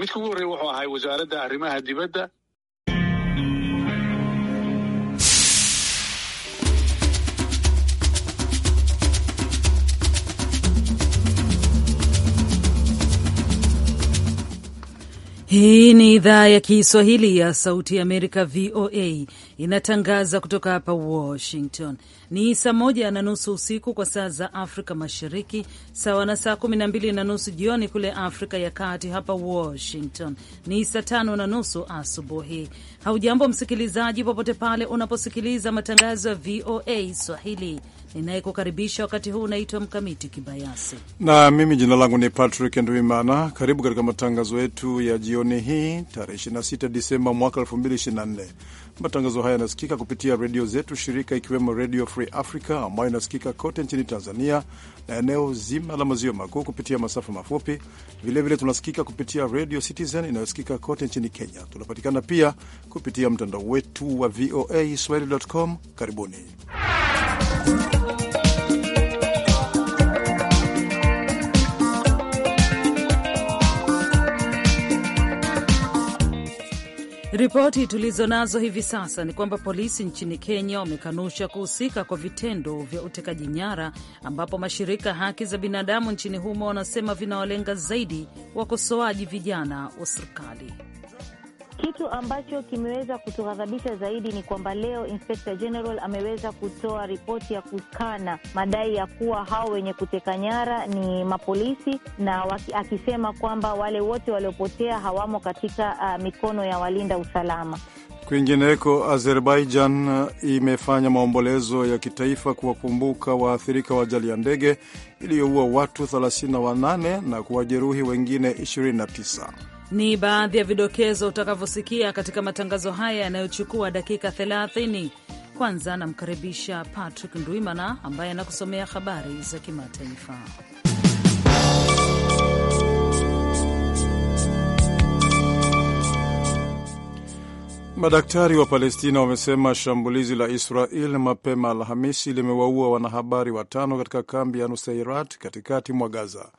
midka ugu horreeya wuxuu ahay wasaaradda arrimaha dibadda Hii ni idhaa ya Kiswahili ya Sauti ya Amerika, VOA, inatangaza kutoka hapa Washington. Ni saa moja na nusu usiku kwa saa za Afrika Mashariki, sawa na saa kumi na mbili na nusu jioni kule Afrika ya Kati. Hapa Washington ni saa tano na nusu asubuhi. Haujambo msikilizaji, popote pale unaposikiliza matangazo ya VOA Swahili. Ninayekukaribisha wakati huu unaitwa Mkamiti Kibayasi na mimi jina langu ni Patrick Ndwimana. Karibu katika matangazo yetu ya jioni hii tarehe 26 Disemba mwaka 2024. Matangazo haya yanasikika kupitia redio zetu shirika, ikiwemo Redio Free Africa ambayo inasikika kote nchini Tanzania na eneo zima la maziwa makuu kupitia masafa mafupi. Vilevile vile tunasikika kupitia Redio Citizen inayosikika kote nchini Kenya. Tunapatikana pia kupitia mtandao wetu wa VOA swahili.com. Karibuni Ripoti tulizo nazo hivi sasa ni kwamba polisi nchini Kenya wamekanusha kuhusika kwa vitendo vya utekaji nyara, ambapo mashirika ya haki za binadamu nchini humo wanasema vinawalenga zaidi wakosoaji vijana wa serikali. Kitu ambacho kimeweza kutughadhabisha zaidi ni kwamba leo Inspector General ameweza kutoa ripoti ya kukana madai ya kuwa hao wenye kuteka nyara ni mapolisi, na waki, akisema kwamba wale wote waliopotea hawamo katika uh, mikono ya walinda usalama. Kwingineko, Azerbaijan uh, imefanya maombolezo ya kitaifa kuwakumbuka waathirika wa ajali ya ndege iliyoua watu 38 na kuwajeruhi wengine 29. Ni baadhi ya vidokezo utakavyosikia katika matangazo haya yanayochukua dakika 30. Kwanza namkaribisha Patrick Ndwimana ambaye anakusomea habari za kimataifa. Madaktari wa Palestina wamesema shambulizi la Israel mapema Alhamisi limewaua wanahabari watano katika kambi ya nuseirat katikati mwa Gaza.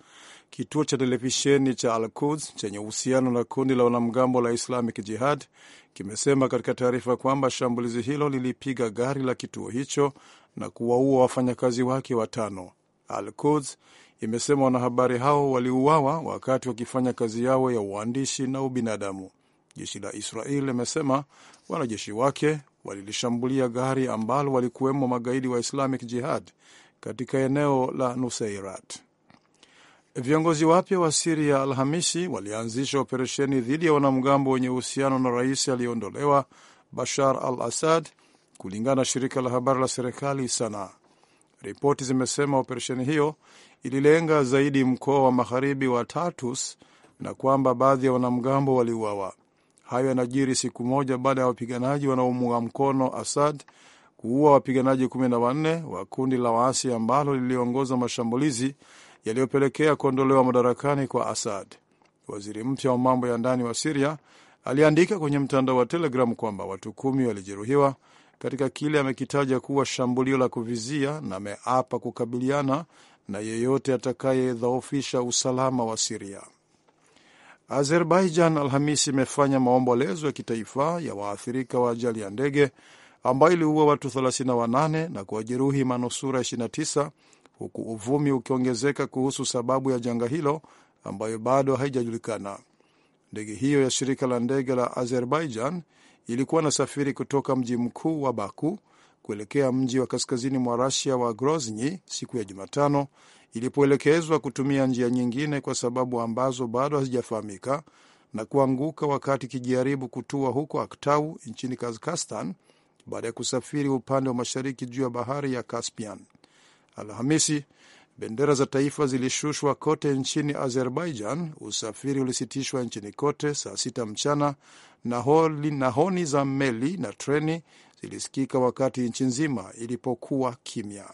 Kituo cha televisheni cha Al Quds chenye uhusiano na kundi la wanamgambo la Islamic Jihad kimesema katika taarifa kwamba shambulizi hilo lilipiga gari la kituo hicho na kuwaua wafanyakazi wake watano. Al Quds imesema wanahabari hao waliuawa wakati wakifanya kazi yao ya uandishi na ubinadamu. Jeshi la Israel limesema wanajeshi wake walilishambulia gari ambalo walikuwemo magaidi wa Islamic Jihad katika eneo la Nuseirat. Viongozi wapya wa Siria Alhamisi walianzisha operesheni dhidi ya wanamgambo wenye uhusiano na rais aliyeondolewa Bashar al Assad, kulingana na shirika la habari la serikali Sana. Ripoti zimesema operesheni hiyo ililenga zaidi mkoa wa magharibi wa Tartus na kwamba baadhi ya wanamgambo waliuawa. Hayo yanajiri siku moja baada ya wapiganaji wanaomuunga mkono Assad kuua wapiganaji 14 wa kundi la waasi ambalo liliongoza mashambulizi yaliyopelekea kuondolewa madarakani kwa Assad. Waziri mpya wa mambo ya ndani wa Siria aliandika kwenye mtandao wa Telegram kwamba watu kumi walijeruhiwa katika kile amekitaja kuwa shambulio la kuvizia na ameapa kukabiliana na yeyote atakayedhoofisha usalama wa Siria. Azerbaijan Alhamisi imefanya maombolezo ya kitaifa ya waathirika wa ajali ya ndege ambayo iliua watu 38 na kuwajeruhi manusura 29 huku uvumi ukiongezeka kuhusu sababu ya janga hilo ambayo bado haijajulikana. Ndege hiyo ya shirika la ndege la Azerbaijan ilikuwa inasafiri kutoka mji mkuu wa Baku kuelekea mji wa kaskazini mwa Rusia wa Grozny siku ya Jumatano ilipoelekezwa kutumia njia nyingine kwa sababu ambazo bado hazijafahamika na kuanguka wakati ikijaribu kutua huko Aktau nchini Kazakhstan baada ya kusafiri upande wa mashariki juu ya bahari ya Caspian. Alhamisi bendera za taifa zilishushwa kote nchini Azerbaijan. Usafiri ulisitishwa nchini kote saa sita mchana na, holi, na honi za meli na treni zilisikika wakati nchi nzima ilipokuwa kimya.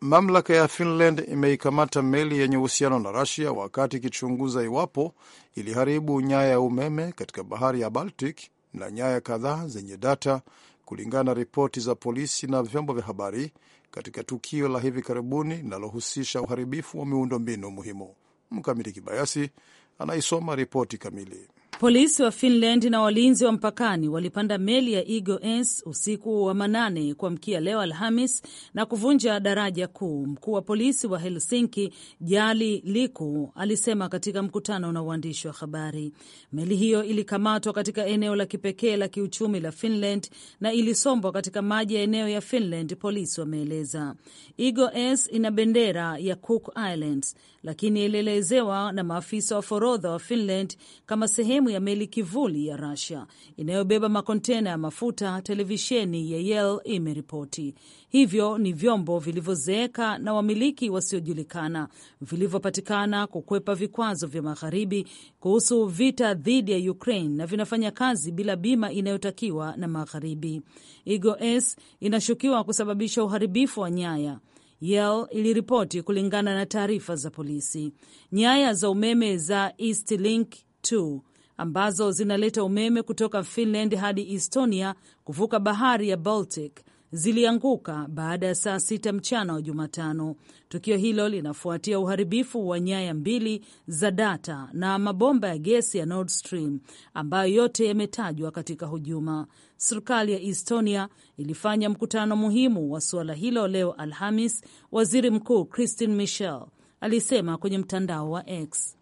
Mamlaka ya Finland imeikamata meli yenye uhusiano na rasia wakati ikichunguza iwapo iliharibu nyaya ya umeme katika bahari ya Baltic na nyaya kadhaa zenye data, kulingana na ripoti za polisi na vyombo vya habari katika tukio la hivi karibuni linalohusisha uharibifu wa miundo mbinu muhimu. Mkamiti Kibayasi anaisoma ripoti kamili. Polisi wa Finland na walinzi wa mpakani walipanda meli ya Eagle S usiku wa manane kuamkia leo Alhamis na kuvunja daraja kuu. Mkuu wa polisi wa Helsinki Jali Liku alisema katika mkutano na waandishi wa habari, meli hiyo ilikamatwa katika eneo la kipekee la kiuchumi la Finland na ilisombwa katika maji ya eneo ya Finland, polisi wameeleza. Eagle S ina bendera ya Cook Islands lakini ilielezewa na maafisa wa forodha wa Finland kama sehemu ya meli kivuli ya rasia inayobeba makontena ya mafuta, televisheni ya Yale imeripoti. Hivyo ni vyombo vilivyozeeka na wamiliki wasiojulikana vilivyopatikana kukwepa vikwazo vya magharibi kuhusu vita dhidi ya Ukraine na vinafanya kazi bila bima inayotakiwa na magharibi. Igo S inashukiwa kusababisha uharibifu wa nyaya yel iliripoti kulingana na taarifa za polisi. Nyaya za umeme za Eastlink 2 ambazo zinaleta umeme kutoka Finland hadi Estonia kuvuka bahari ya Baltic zilianguka baada ya saa sita mchana wa Jumatano. Tukio hilo linafuatia uharibifu wa nyaya mbili za data na mabomba ya gesi ya Nord Stream ambayo yote yametajwa katika hujuma. Serikali ya Estonia ilifanya mkutano muhimu wa suala hilo leo Alhamis, waziri mkuu christin Michel alisema kwenye mtandao wa X.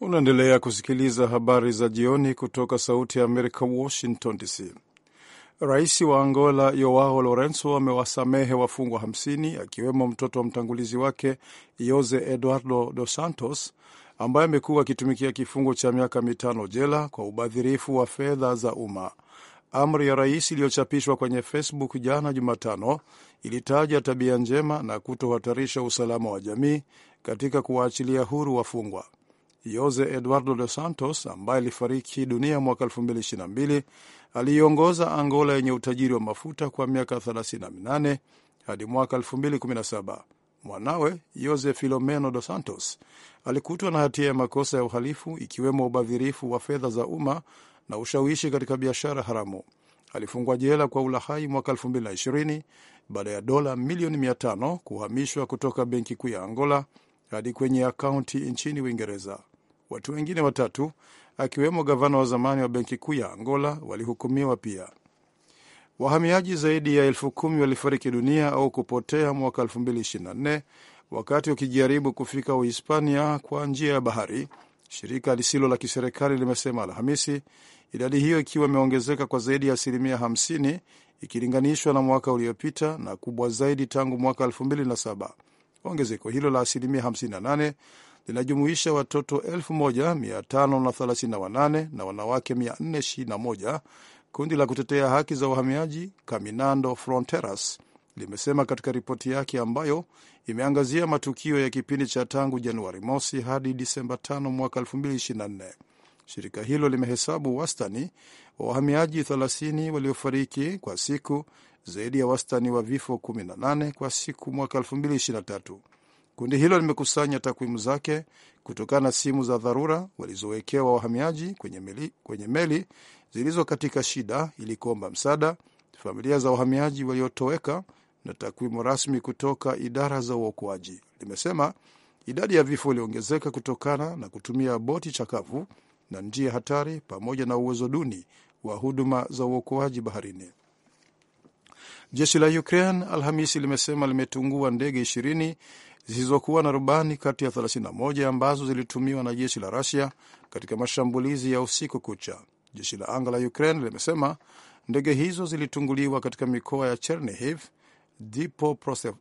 Unaendelea kusikiliza habari za jioni kutoka Sauti ya Amerika, Washington DC. Rais wa Angola yoao Lorenzo amewasamehe wafungwa 50 akiwemo mtoto wa mtangulizi wake Jose Eduardo Dos Santos ambaye amekuwa akitumikia kifungo cha miaka mitano jela kwa ubadhirifu wa fedha za umma. Amri ya rais iliyochapishwa kwenye Facebook jana Jumatano ilitaja tabia njema na kutohatarisha usalama wa jamii katika kuwaachilia huru wafungwa. Jose Eduardo Dos Santos ambaye alifariki dunia mwaka 2022 aliiongoza Angola yenye utajiri wa mafuta kwa miaka 38 hadi mwaka 2017. Mwanawe Jose Filomeno Dos Santos alikutwa na hatia ya makosa ya uhalifu ikiwemo ubadhirifu wa fedha za umma na ushawishi katika biashara haramu. Alifungwa jela kwa ulahai mwaka 2020 baada ya dola milioni 500 kuhamishwa kutoka benki kuu ya Angola hadi kwenye akaunti nchini Uingereza. Watu wengine watatu akiwemo gavana wa zamani wa benki kuu ya Angola walihukumiwa pia. Wahamiaji zaidi ya elfu kumi walifariki dunia au kupotea mwaka 2024 wakati wakijaribu kufika Uhispania kwa njia ya bahari, shirika lisilo la kiserikali limesema Alhamisi, idadi hiyo ikiwa imeongezeka kwa zaidi ya asilimia 50 ikilinganishwa na mwaka uliopita na kubwa zaidi tangu mwaka 2007. Ongezeko hilo la asilimia 58 linajumuisha watoto 1538 na wanawake 421. Kundi la kutetea haki za wahamiaji Caminando Fronteras limesema katika ripoti yake ambayo imeangazia matukio ya kipindi cha tangu Januari mosi hadi Disemba 5 mwaka 2024. Shirika hilo limehesabu wastani wa wahamiaji 30 waliofariki kwa siku, zaidi ya wastani wa vifo 18 kwa siku mwaka 2023. Kundi hilo limekusanya takwimu zake kutokana na simu za dharura walizowekewa wahamiaji kwenye meli, kwenye meli zilizo katika shida ili kuomba msaada, familia za wahamiaji waliotoweka na takwimu rasmi kutoka idara za uokoaji. Limesema idadi ya vifo iliongezeka kutokana na kutumia boti chakavu na njia hatari pamoja na uwezo duni wa huduma za uokoaji baharini. Jeshi la Ukraine Alhamisi limesema limetungua ndege ishirini zisizokuwa na rubani kati ya 31 ambazo zilitumiwa na jeshi la Rusia katika mashambulizi ya usiku kucha. Jeshi la anga la Ukraine limesema ndege hizo zilitunguliwa katika mikoa ya Chernihiv, Dnipropetrovsk,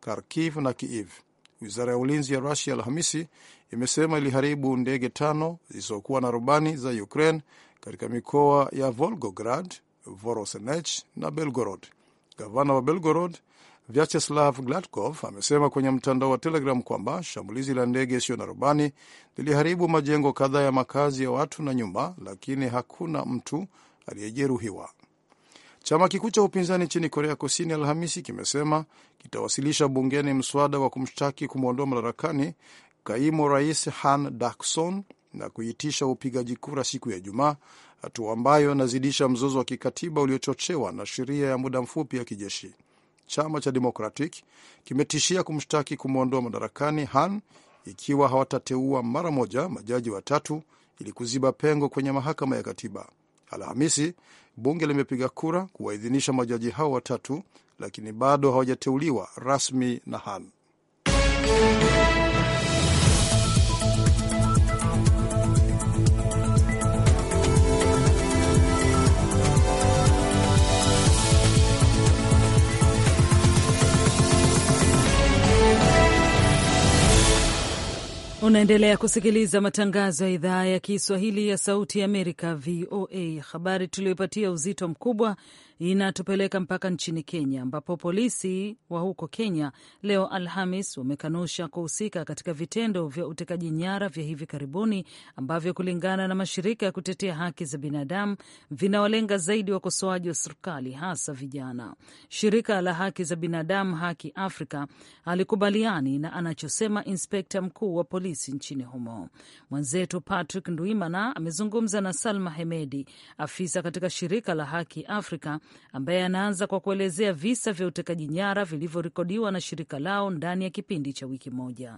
Kharkiv na Kiev. Wizara ya ulinzi ya Rusia Alhamisi imesema iliharibu ndege tano zisizokuwa na rubani za Ukraine katika mikoa ya Volgograd, Voronezh na Belgorod. Gavana wa Belgorod Vyacheslav Gladkov amesema kwenye mtandao wa Telegram kwamba shambulizi la ndege isiyo na rubani liliharibu majengo kadhaa ya makazi ya watu na nyumba, lakini hakuna mtu aliyejeruhiwa. Chama kikuu cha upinzani nchini Korea Kusini Alhamisi kimesema kitawasilisha bungeni mswada wa kumshtaki kumwondoa madarakani kaimu rais Han Dakson na kuitisha upigaji kura siku ya Ijumaa, hatua ambayo inazidisha mzozo wa kikatiba uliochochewa na sheria ya muda mfupi ya kijeshi chama cha Democratic kimetishia kumshtaki kumwondoa madarakani Han ikiwa hawatateua mara moja majaji watatu ili kuziba pengo kwenye mahakama ya katiba. Alhamisi bunge limepiga kura kuwaidhinisha majaji hao watatu, lakini bado hawajateuliwa rasmi na Han. Unaendelea kusikiliza matangazo ya idhaa ya Kiswahili ya Sauti ya Amerika, VOA. Habari tuliopatia uzito mkubwa inatupeleka mpaka nchini Kenya, ambapo polisi wa huko Kenya leo Alhamis wamekanusha kuhusika katika vitendo vya utekaji nyara vya hivi karibuni ambavyo kulingana na mashirika ya kutetea haki za binadamu vinawalenga zaidi wakosoaji wa serikali, hasa vijana. Shirika la haki za binadamu Haki Afrika halikubaliani na anachosema inspekta mkuu wa polisi nchini humo. Mwenzetu Patrick Ndwimana amezungumza na Salma Hemedi, afisa katika shirika la Haki Afrika ambaye anaanza kwa kuelezea visa vya utekaji nyara vilivyorekodiwa na shirika lao ndani ya kipindi cha wiki moja.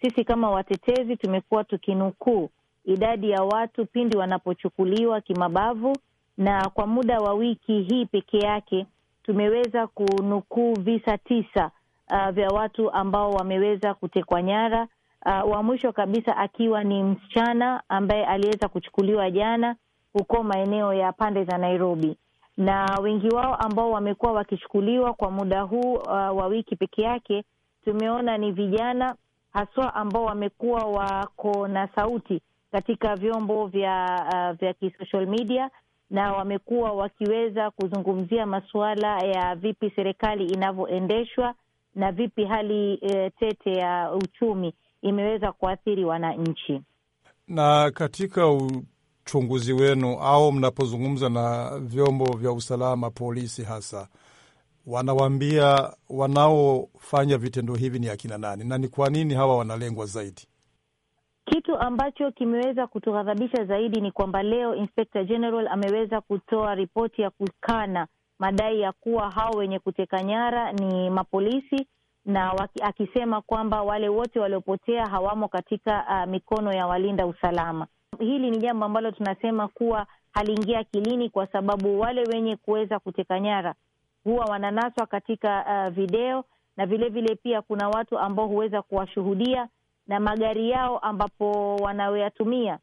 Sisi kama watetezi tumekuwa tukinukuu idadi ya watu pindi wanapochukuliwa kimabavu, na kwa muda wa wiki hii peke yake tumeweza kunukuu visa tisa uh, vya watu ambao wameweza kutekwa nyara. Uh, wa mwisho kabisa akiwa ni msichana ambaye aliweza kuchukuliwa jana huko maeneo ya pande za Nairobi na wengi wao ambao wamekuwa wakichukuliwa kwa muda huu uh, wa wiki peke yake, tumeona ni vijana haswa ambao wamekuwa wako na sauti katika vyombo vya uh, vya kisocial media na wamekuwa wakiweza kuzungumzia masuala ya vipi serikali inavyoendeshwa na vipi hali e, tete ya uchumi imeweza kuathiri wananchi. Na katika uchunguzi wenu au mnapozungumza na vyombo vya usalama, polisi hasa, wanawaambia wanaofanya vitendo hivi ni akina nani na ni kwa nini hawa wanalengwa zaidi? Kitu ambacho kimeweza kutughadhabisha zaidi ni kwamba leo Inspector General ameweza kutoa ripoti ya kukana madai ya kuwa hao wenye kuteka nyara ni mapolisi na waki, akisema kwamba wale wote waliopotea hawamo katika uh, mikono ya walinda usalama. Hili ni jambo ambalo tunasema kuwa haliingia akilini, kwa sababu wale wenye kuweza kuteka nyara huwa wananaswa katika uh, video na vilevile vile pia kuna watu ambao huweza kuwashuhudia na magari yao ambapo wanayoyatumia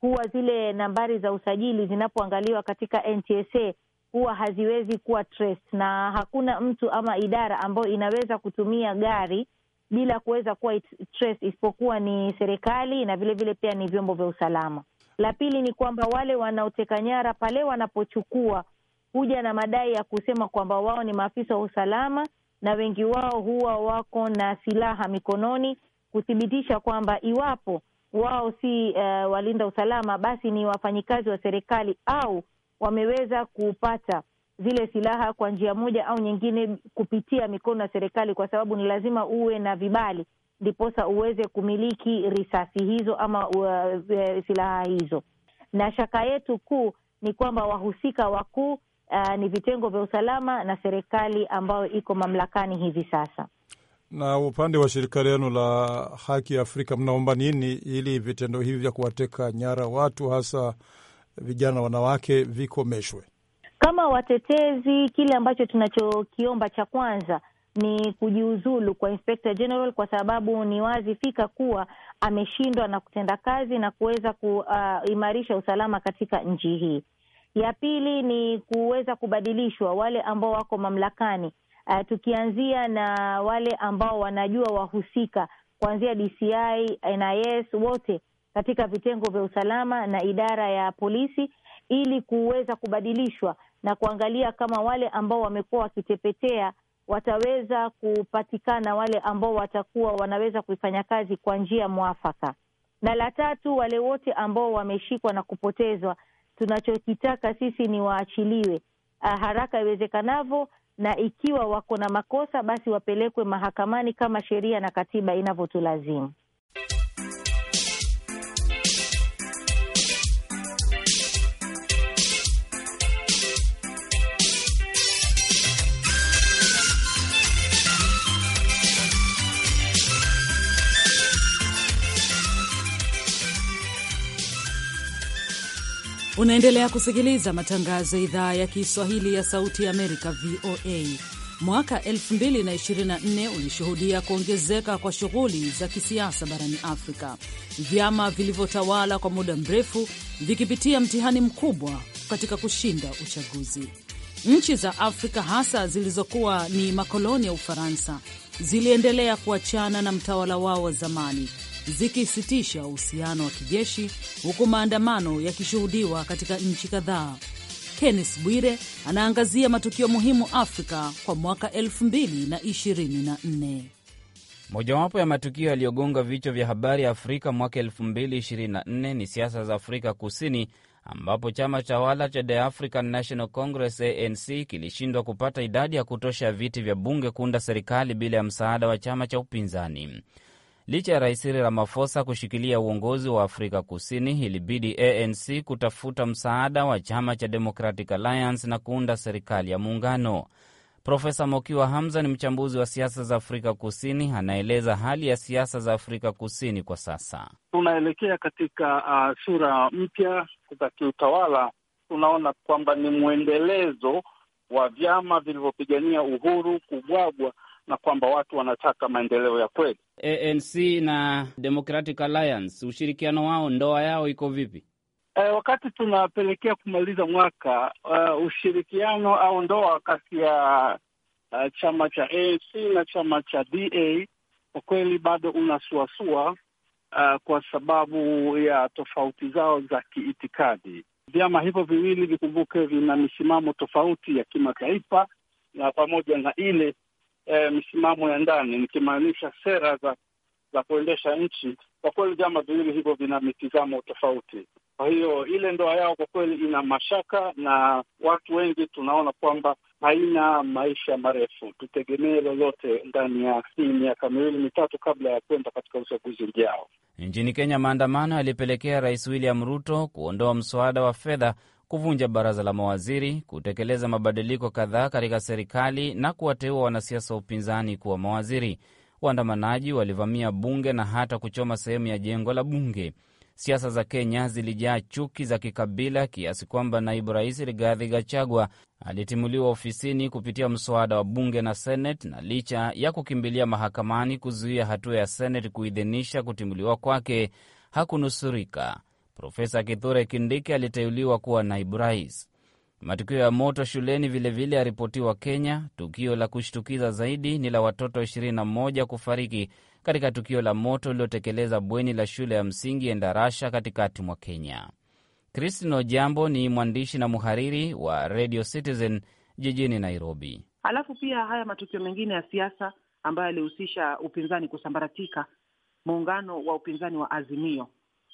huwa zile nambari za usajili zinapoangaliwa katika NTSA huwa haziwezi kuwa na hakuna mtu ama idara ambayo inaweza kutumia gari bila kuweza kuwa isipokuwa ni serikali na vilevile vile pia ni vyombo vya usalama. La pili ni kwamba wale wanaoteka nyara pale wanapochukua huja na madai ya kusema kwamba wao ni maafisa wa usalama, na wengi wao huwa wako na silaha mikononi, kuthibitisha kwamba iwapo wao si uh, walinda usalama, basi ni wafanyikazi wa serikali au wameweza kupata zile silaha kwa njia moja au nyingine kupitia mikono ya serikali, kwa sababu ni lazima uwe na vibali ndiposa uweze kumiliki risasi hizo ama uh, eh, silaha hizo. Na shaka yetu kuu ni kwamba wahusika wakuu uh, ni vitengo vya usalama na serikali ambayo iko mamlakani hivi sasa. Na upande wa shirika lenu la Haki ya Afrika, mnaomba nini ili vitendo hivi vya kuwateka nyara watu hasa vijana wanawake vikomeshwe? Kama watetezi, kile ambacho tunachokiomba cha kwanza ni kujiuzulu kwa Inspector General kwa sababu ni wazi fika kuwa ameshindwa na kutenda kazi na kuweza kuimarisha uh, usalama katika nchi hii. Ya pili ni kuweza kubadilishwa wale ambao wako mamlakani, uh, tukianzia na wale ambao wanajua wahusika kuanzia DCI, NIS, wote katika vitengo vya usalama na idara ya polisi ili kuweza kubadilishwa na kuangalia kama wale ambao wamekuwa wakitepetea wataweza kupatikana wale ambao watakuwa wanaweza kuifanya kazi kwa njia mwafaka. Na la tatu, wale wote ambao wameshikwa na kupotezwa, tunachokitaka sisi ni waachiliwe ah, haraka iwezekanavyo, na ikiwa wako na makosa basi wapelekwe mahakamani kama sheria na katiba inavyotulazimu. Unaendelea kusikiliza matangazo ya idhaa ya Kiswahili ya Sauti ya Amerika, VOA. Mwaka 2024 ulishuhudia kuongezeka kwa shughuli za kisiasa barani Afrika, vyama vilivyotawala kwa muda mrefu vikipitia mtihani mkubwa katika kushinda uchaguzi. Nchi za Afrika hasa zilizokuwa ni makoloni ya Ufaransa ziliendelea kuachana na mtawala wao wa zamani zikisitisha uhusiano wa kijeshi huku maandamano yakishuhudiwa katika nchi kadhaa. Kennes Bwire anaangazia matukio muhimu Afrika kwa mwaka 2024. Mojawapo ya matukio yaliyogonga vichwa vya habari Afrika mwaka 2024 ni siasa za Afrika Kusini, ambapo chama tawala cha The African National Congress ANC kilishindwa kupata idadi ya kutosha ya viti vya bunge kuunda serikali bila ya msaada wa chama cha upinzani. Licha ya Rais Cyril Ramaphosa kushikilia uongozi wa Afrika Kusini, ilibidi ANC kutafuta msaada wa chama cha Democratic Alliance na kuunda serikali ya muungano. Profesa Mokiwa Hamza ni mchambuzi wa siasa za Afrika Kusini, anaeleza hali ya siasa za Afrika Kusini kwa sasa. Tunaelekea katika uh, sura mpya za kiutawala. Tunaona kwamba ni mwendelezo wa vyama vilivyopigania uhuru kubwagwa na kwamba watu wanataka maendeleo ya kweli. ANC na Democratic Alliance, ushirikiano wao, ndoa yao iko vipi? E, wakati tunapelekea kumaliza mwaka uh, ushirikiano au ndoa kati ya uh, chama cha ANC na chama cha DA kwa kweli bado unasuasua uh, kwa sababu ya tofauti zao za kiitikadi. Vyama hivyo viwili vikumbuke, vina misimamo tofauti ya kimataifa na pamoja na ile eh, misimamo ya ndani, nikimaanisha sera za za kuendesha nchi. Kwa kweli vyama viwili hivyo vina mitizamo tofauti, kwa hiyo ile ndoa yao kwa kweli ina mashaka, na watu wengi tunaona kwamba haina maisha marefu. Tutegemee lolote ndani ya hii miaka miwili mitatu kabla ya kwenda katika uchaguzi ujao. Nchini Kenya, maandamano yalipelekea Rais William Ruto kuondoa mswada wa fedha kuvunja baraza la mawaziri, kutekeleza mabadiliko kadhaa katika serikali na kuwateua wanasiasa wa upinzani kuwa mawaziri. Waandamanaji walivamia bunge na hata kuchoma sehemu ya jengo la bunge. Siasa za Kenya zilijaa chuki za kikabila kiasi kwamba naibu rais Rigathi Gachagua alitimuliwa ofisini kupitia mswada wa bunge na Seneti, na licha ya kukimbilia mahakamani kuzuia hatua ya Seneti kuidhinisha kutimuliwa kwake hakunusurika. Profesa Kithure Kindiki aliteuliwa kuwa naibu rais. Matukio ya moto shuleni vilevile yaripotiwa Kenya. Tukio la kushtukiza zaidi ni la watoto 21 kufariki katika tukio la moto uliotekeleza bweni la shule ya msingi Endarasha katikati mwa Kenya. Christine Jambo ni mwandishi na mhariri wa Radio Citizen jijini Nairobi. Alafu pia haya matukio mengine ya siasa ambayo yalihusisha upinzani kusambaratika, muungano wa upinzani wa Azimio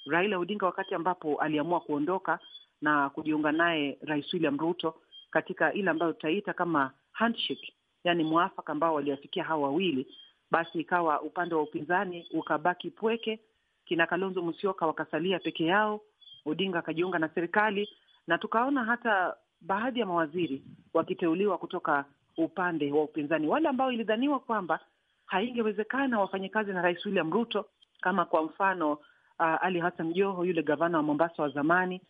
Raila Odinga wakati ambapo aliamua kuondoka na kujiunga naye Rais William Ruto katika ile ambayo tutaita kama handshake, yani mwafaka ambao waliafikia hawa wawili, basi ikawa upande wa upinzani ukabaki pweke, kina Kalonzo Musyoka wakasalia peke yao, Odinga akajiunga na serikali, na tukaona hata baadhi ya mawaziri wakiteuliwa kutoka upande wa upinzani, wale ambao ilidhaniwa kwamba haingewezekana wafanye kazi na Rais William Ruto, kama kwa mfano uh, Ali Hassan Joho, yule gavana wa Mombasa wa zamani,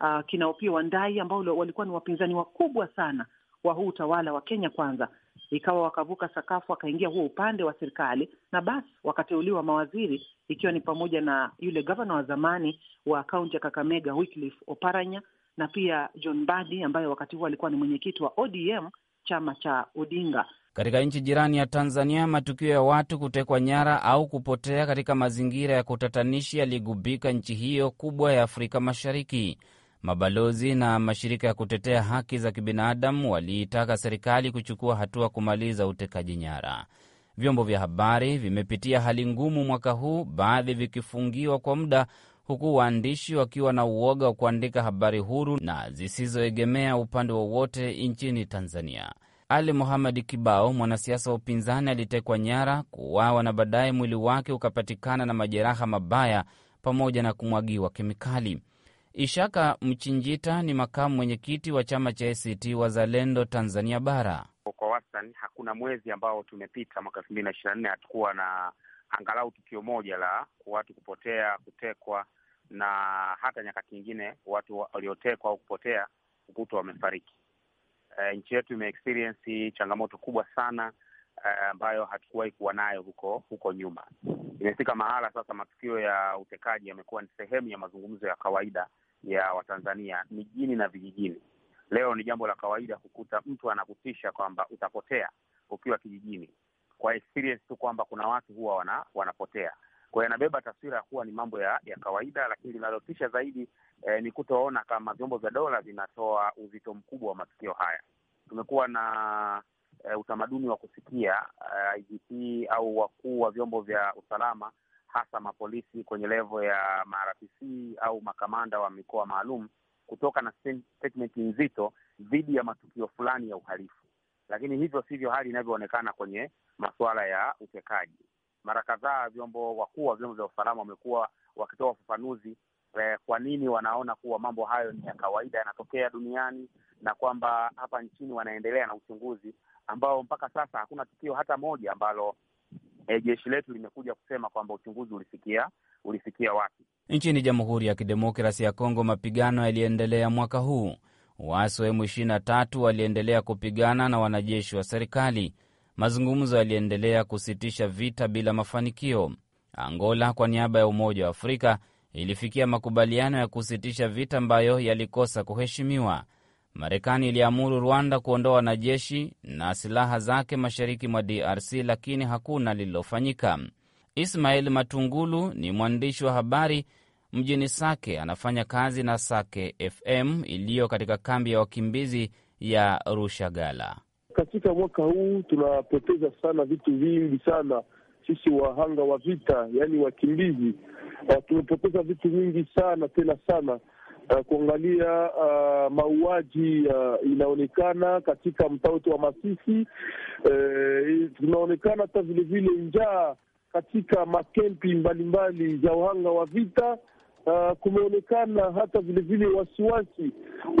uh, kina Opiyo Wandai ambao walikuwa ni wapinzani wakubwa sana wa huu utawala wa Kenya Kwanza, ikawa wakavuka sakafu wakaingia huo upande wa serikali, na basi wakateuliwa mawaziri, ikiwa ni pamoja na yule gavana wa zamani wa kaunti ya Kakamega Wycliffe Oparanya na pia John badi ambaye wakati huo alikuwa ni mwenyekiti wa ODM, chama cha Odinga. Katika nchi jirani ya Tanzania, matukio ya watu kutekwa nyara au kupotea katika mazingira ya kutatanishi yaligubika nchi hiyo kubwa ya Afrika Mashariki. Mabalozi na mashirika ya kutetea haki za kibinadamu waliitaka serikali kuchukua hatua kumaliza utekaji nyara. Vyombo vya habari vimepitia hali ngumu mwaka huu, baadhi vikifungiwa kwa muda, huku waandishi wakiwa na uoga wa kuandika habari huru na zisizoegemea upande wowote nchini Tanzania. Ali muhamadi Kibao, mwanasiasa wa upinzani, alitekwa nyara, kuuawa na baadaye mwili wake ukapatikana na majeraha mabaya pamoja na kumwagiwa kemikali. Ishaka Mchinjita ni makamu mwenyekiti wa chama cha ACT Wazalendo Tanzania Bara. Kwa wastani hakuna mwezi ambao tumepita mwaka elfu mbili na ishirini na nne hatukuwa na angalau tukio moja la watu kupotea, kutekwa na hata nyakati nyingine watu waliotekwa au kupotea kukutwa wamefariki uh, nchi yetu imeeksperiensi changamoto kubwa sana eh, ambayo hatukuwahi kuwa nayo huko huko nyuma. Imefika mahala sasa matukio ya utekaji yamekuwa ni sehemu ya mazungumzo ya kawaida ya Watanzania mijini na vijijini. Leo ni jambo la kawaida kukuta mtu anakutisha kwamba utapotea ukiwa kijijini, kwa experience tu kwamba kuna watu huwa wana, wanapotea. Kwa hiyo yanabeba taswira ya kuwa ni mambo ya, ya kawaida, lakini linalotisha zaidi eh, ni kutoona kama vyombo vya dola vinatoa uzito mkubwa wa matukio haya. Tumekuwa na eh, utamaduni wa kusikia eh, IGP au wakuu wa vyombo vya usalama hasa mapolisi kwenye levo ya marafc au makamanda wa mikoa maalum kutoka na statement nzito dhidi ya matukio fulani ya uhalifu, lakini hivyo sivyo hali inavyoonekana kwenye masuala ya utekaji mara kadhaa vyombo wakuu wa vyombo vya usalama wamekuwa wakitoa ufafanuzi eh, kwa nini wanaona kuwa mambo hayo ni ya kawaida yanatokea duniani na kwamba hapa nchini wanaendelea na uchunguzi ambao mpaka sasa hakuna tukio hata moja ambalo eh, jeshi letu limekuja kusema kwamba uchunguzi ulifikia ulifikia wapi. Nchini Jamhuri ya Kidemokrasi ya Kongo mapigano yaliendelea mwaka huu. Waasi wa m tatu waliendelea kupigana na wanajeshi wa serikali. Mazungumzo yaliendelea kusitisha vita bila mafanikio. Angola kwa niaba ya Umoja wa Afrika ilifikia makubaliano ya kusitisha vita ambayo yalikosa kuheshimiwa. Marekani iliamuru Rwanda kuondoa wanajeshi na silaha zake mashariki mwa DRC, lakini hakuna lililofanyika. ismael Matungulu ni mwandishi wa habari mjini Sake, anafanya kazi na Sake FM iliyo katika kambi ya wakimbizi ya Rushagala. Katika mwaka huu tunapoteza sana vitu vingi sana, sisi wahanga wa vita, yaani wakimbizi. Uh, tumepoteza vitu vingi sana tena sana. Uh, kuangalia uh, mauaji uh, inaonekana katika mtaa wetu wa Masisi. Uh, tunaonekana hata vilevile njaa katika makempi mbalimbali za wahanga wa vita. Uh, kumeonekana hata vilevile wasiwasi,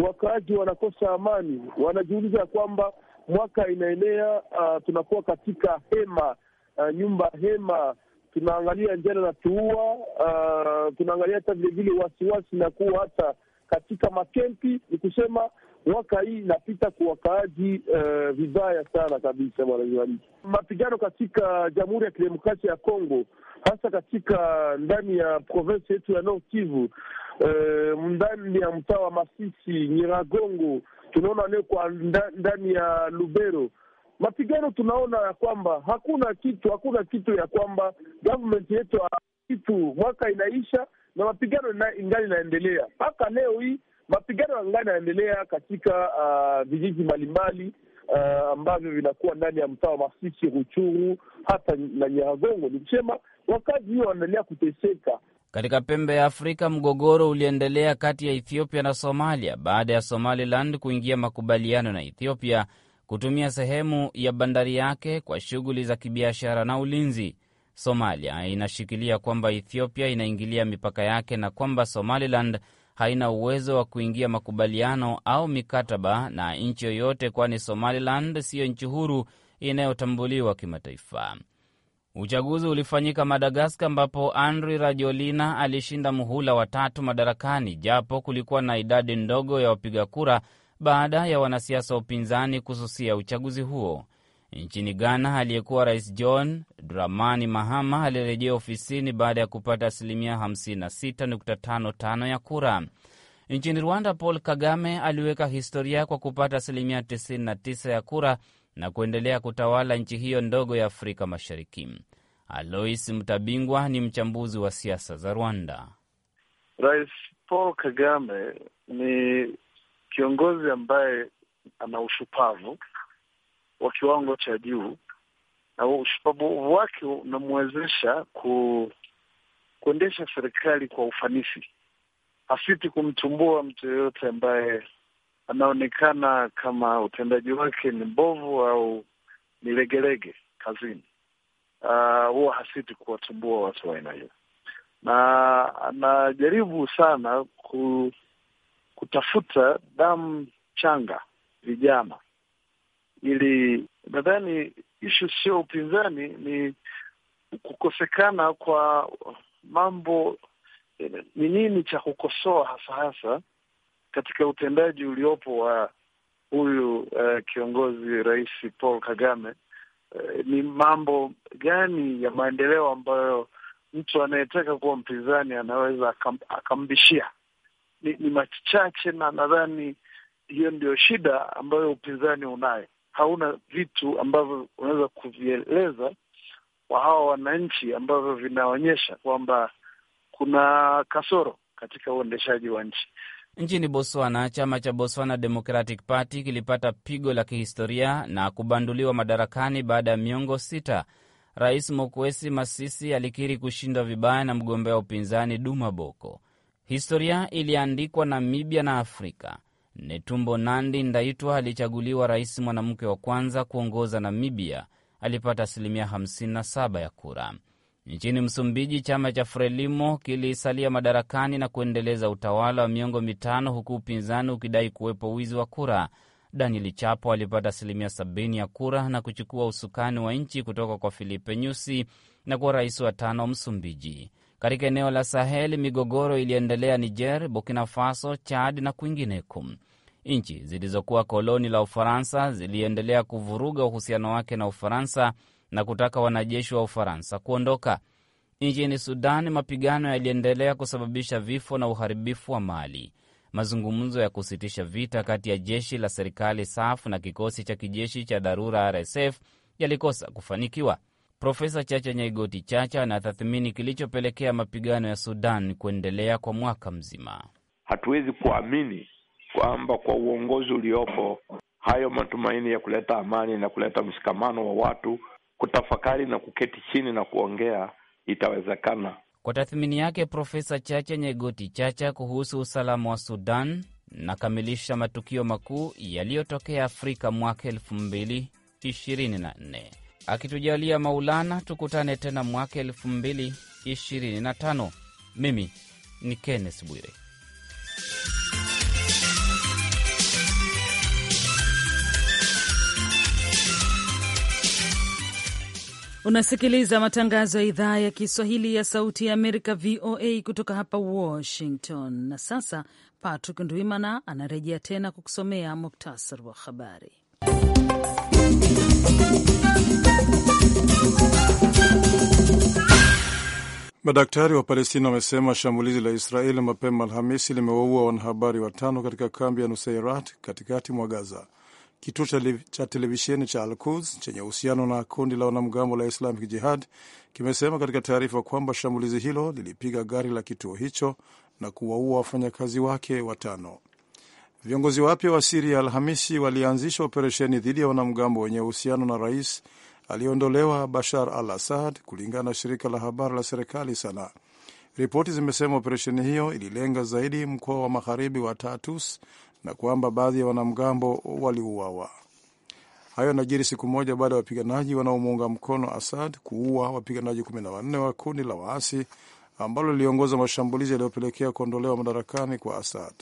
wakaaji wanakosa amani, wanajiuliza kwamba mwaka inaenea, uh, tunakuwa katika hema uh, nyumba hema, tunaangalia njana na tuua uh, tunaangalia hata vilevile wasiwasi inakuwa hata katika makempi. Ni kusema mwaka hii inapita kuwakaaji uh, vibaya sana kabisa. Bwana, mapigano katika Jamhuri ya Kidemokrasia ya Kongo hasa katika ndani ya provensi yetu ya Nord Kivu, uh, ndani ya mtaa wa Masisi, Nyiragongo tunaona leo kwa ndani ya Lubero mapigano, tunaona ya kwamba hakuna kitu, hakuna kitu ya kwamba government yetu kitu, mwaka inaisha na mapigano ingali inaendelea mpaka leo hii, mapigano yangali inaendelea katika uh, vijiji mbalimbali uh, ambavyo vinakuwa ndani ya mtaa wa Masisi, Ruchuru hata na Nyiragongo. Ni kusema wakazi hiyo wanaendelea kuteseka katika pembe ya Afrika, mgogoro uliendelea kati ya Ethiopia na Somalia baada ya Somaliland kuingia makubaliano na Ethiopia kutumia sehemu ya bandari yake kwa shughuli za kibiashara na ulinzi. Somalia inashikilia kwamba Ethiopia inaingilia mipaka yake na kwamba Somaliland haina uwezo wa kuingia makubaliano au mikataba na nchi yoyote, kwani Somaliland siyo nchi huru inayotambuliwa kimataifa. Uchaguzi ulifanyika Madagaskar, ambapo Andry Rajoelina alishinda muhula wa tatu madarakani, japo kulikuwa na idadi ndogo ya wapiga kura baada ya wanasiasa wa upinzani kususia uchaguzi huo. Nchini Ghana, aliyekuwa rais John Dramani Mahama alirejea ofisini baada ya kupata asilimia 56.55 ya kura. Nchini Rwanda, Paul Kagame aliweka historia kwa kupata asilimia 99 ya kura na kuendelea kutawala nchi hiyo ndogo ya Afrika Mashariki. Alois Mtabingwa ni mchambuzi wa siasa za Rwanda. Rais Paul Kagame ni kiongozi ambaye ana ushupavu wa kiwango cha juu, na ushupavu wake unamwezesha ku, kuendesha serikali kwa ufanisi. Hasiti kumtumbua mtu yoyote ambaye anaonekana kama utendaji wake ni mbovu au ni legelege kazini, uh, huwa hasiti kuwatumbua watu wa aina hiyo, na anajaribu sana ku, kutafuta damu changa vijana, ili nadhani ishu sio upinzani, ni kukosekana kwa mambo, eh, ni nini cha kukosoa hasa hasa katika utendaji uliopo wa huyu uh, kiongozi Rais Paul Kagame uh, ni mambo gani ya maendeleo ambayo mtu anayetaka kuwa mpinzani anaweza akam, akambishia? Ni, ni machache, na nadhani hiyo ndio shida ambayo upinzani unayo. Hauna vitu ambavyo unaweza kuvieleza kwa hawa wananchi ambavyo vinaonyesha kwamba kuna kasoro katika uendeshaji wa nchi. Nchini Botswana, chama cha Botswana Democratic Party kilipata pigo la kihistoria na kubanduliwa madarakani baada ya miongo sita. Rais Mokwesi Masisi alikiri kushindwa vibaya na mgombea wa upinzani Duma Boko. Historia iliandikwa Namibia na Afrika. Netumbo Nandi Ndaitwa alichaguliwa rais mwanamke wa kwanza kuongoza Namibia, alipata asilimia 57 ya kura. Nchini Msumbiji, chama cha Frelimo kilisalia madarakani na kuendeleza utawala wa miongo mitano, huku upinzani ukidai kuwepo wizi wa kura. Daniel Chapo alipata asilimia 70 ya kura na kuchukua usukani wa nchi kutoka kwa Filipe Nyusi na kuwa rais wa tano wa Msumbiji. Katika eneo la Sahel, migogoro iliendelea Niger, Burkina Faso, Chad na kwingineko. Nchi zilizokuwa koloni la Ufaransa ziliendelea kuvuruga uhusiano wake na Ufaransa na kutaka wanajeshi wa Ufaransa kuondoka nchini Sudan. Mapigano yaliendelea kusababisha vifo na uharibifu wa mali. Mazungumzo ya kusitisha vita kati ya jeshi la serikali SAF na kikosi cha kijeshi cha dharura RSF yalikosa kufanikiwa. Profesa Chacha Nyaigoti Chacha anatathmini kilichopelekea mapigano ya Sudan kuendelea kwa mwaka mzima. Hatuwezi kuamini kwamba kwa uongozi uliopo hayo matumaini ya kuleta amani na kuleta mshikamano wa watu kutafakari na kuketi chini na kuongea itawezekana. Kwa tathmini yake Profesa Chacha Nyegoti Chacha kuhusu usalama wa Sudan, nakamilisha matukio makuu yaliyotokea Afrika mwaka elfu mbili ishirini na nne. Akitujalia Maulana, tukutane tena mwaka elfu mbili ishirini na tano. Mimi ni Kenneth Bwire. Unasikiliza matangazo ya idhaa ya Kiswahili ya Sauti ya Amerika, VOA, kutoka hapa Washington. Na sasa Patrick Ndwimana anarejea tena kukusomea muktasar wa habari. Madaktari wa Palestina wamesema shambulizi la Israeli mapema Alhamisi limewaua wanahabari watano katika kambi ya Nuseirat katikati mwa Gaza. Kituo cha televisheni cha alu chenye uhusiano na kundi la wanamgambo la Islamic Jihad kimesema katika taarifa kwamba shambulizi hilo lilipiga gari la kituo hicho na kuwaua wafanyakazi wake watano. Viongozi wapya wa Siria Alhamisi walianzisha operesheni dhidi ya wanamgambo wenye uhusiano na rais aliyeondolewa Bashar al Assad, kulingana na shirika la habari la serikali Sana. Ripoti zimesema operesheni hiyo ililenga zaidi mkoa wa magharibi wa Tatus na kwamba baadhi ya wanamgambo waliuawa. Hayo yanajiri siku moja baada ya wapiganaji wanaomuunga mkono Asad kuua wapiganaji kumi na wanne wa kundi la waasi ambalo liliongoza mashambulizi yaliyopelekea kuondolewa madarakani kwa Asad.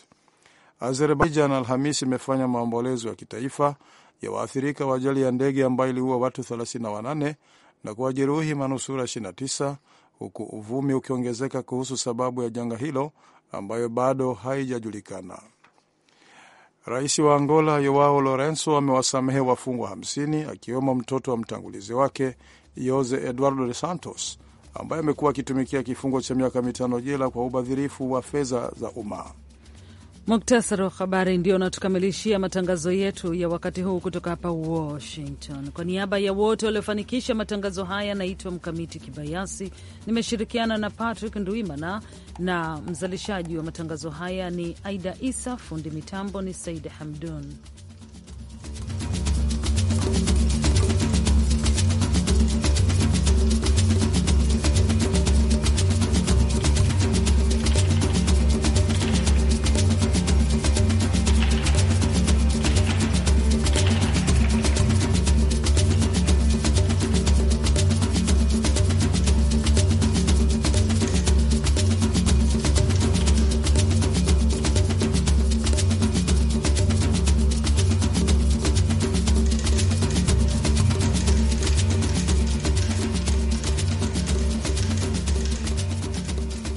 Azerbaijan Alhamisi imefanya maombolezo ya kitaifa ya waathirika wa ajali ya ndege ambayo iliua watu 38 na kuwajeruhi manusura 29 huku uvumi ukiongezeka kuhusu sababu ya janga hilo ambayo bado haijajulikana. Rais wa Angola yowao Lorenzo amewasamehe wafungwa 50 akiwemo mtoto wa mtangulizi wake Jose Eduardo de Santos ambaye amekuwa akitumikia kifungo cha miaka mitano jela kwa ubadhirifu wa fedha za umma. Muktasari wa habari ndio unatukamilishia matangazo yetu ya wakati huu kutoka hapa Washington. Kwa niaba ya wote waliofanikisha matangazo haya, naitwa Mkamiti Kibayasi, nimeshirikiana na Patrick Ndwimana na mzalishaji wa matangazo haya ni Aida Isa, fundi mitambo ni saidi Hamdun.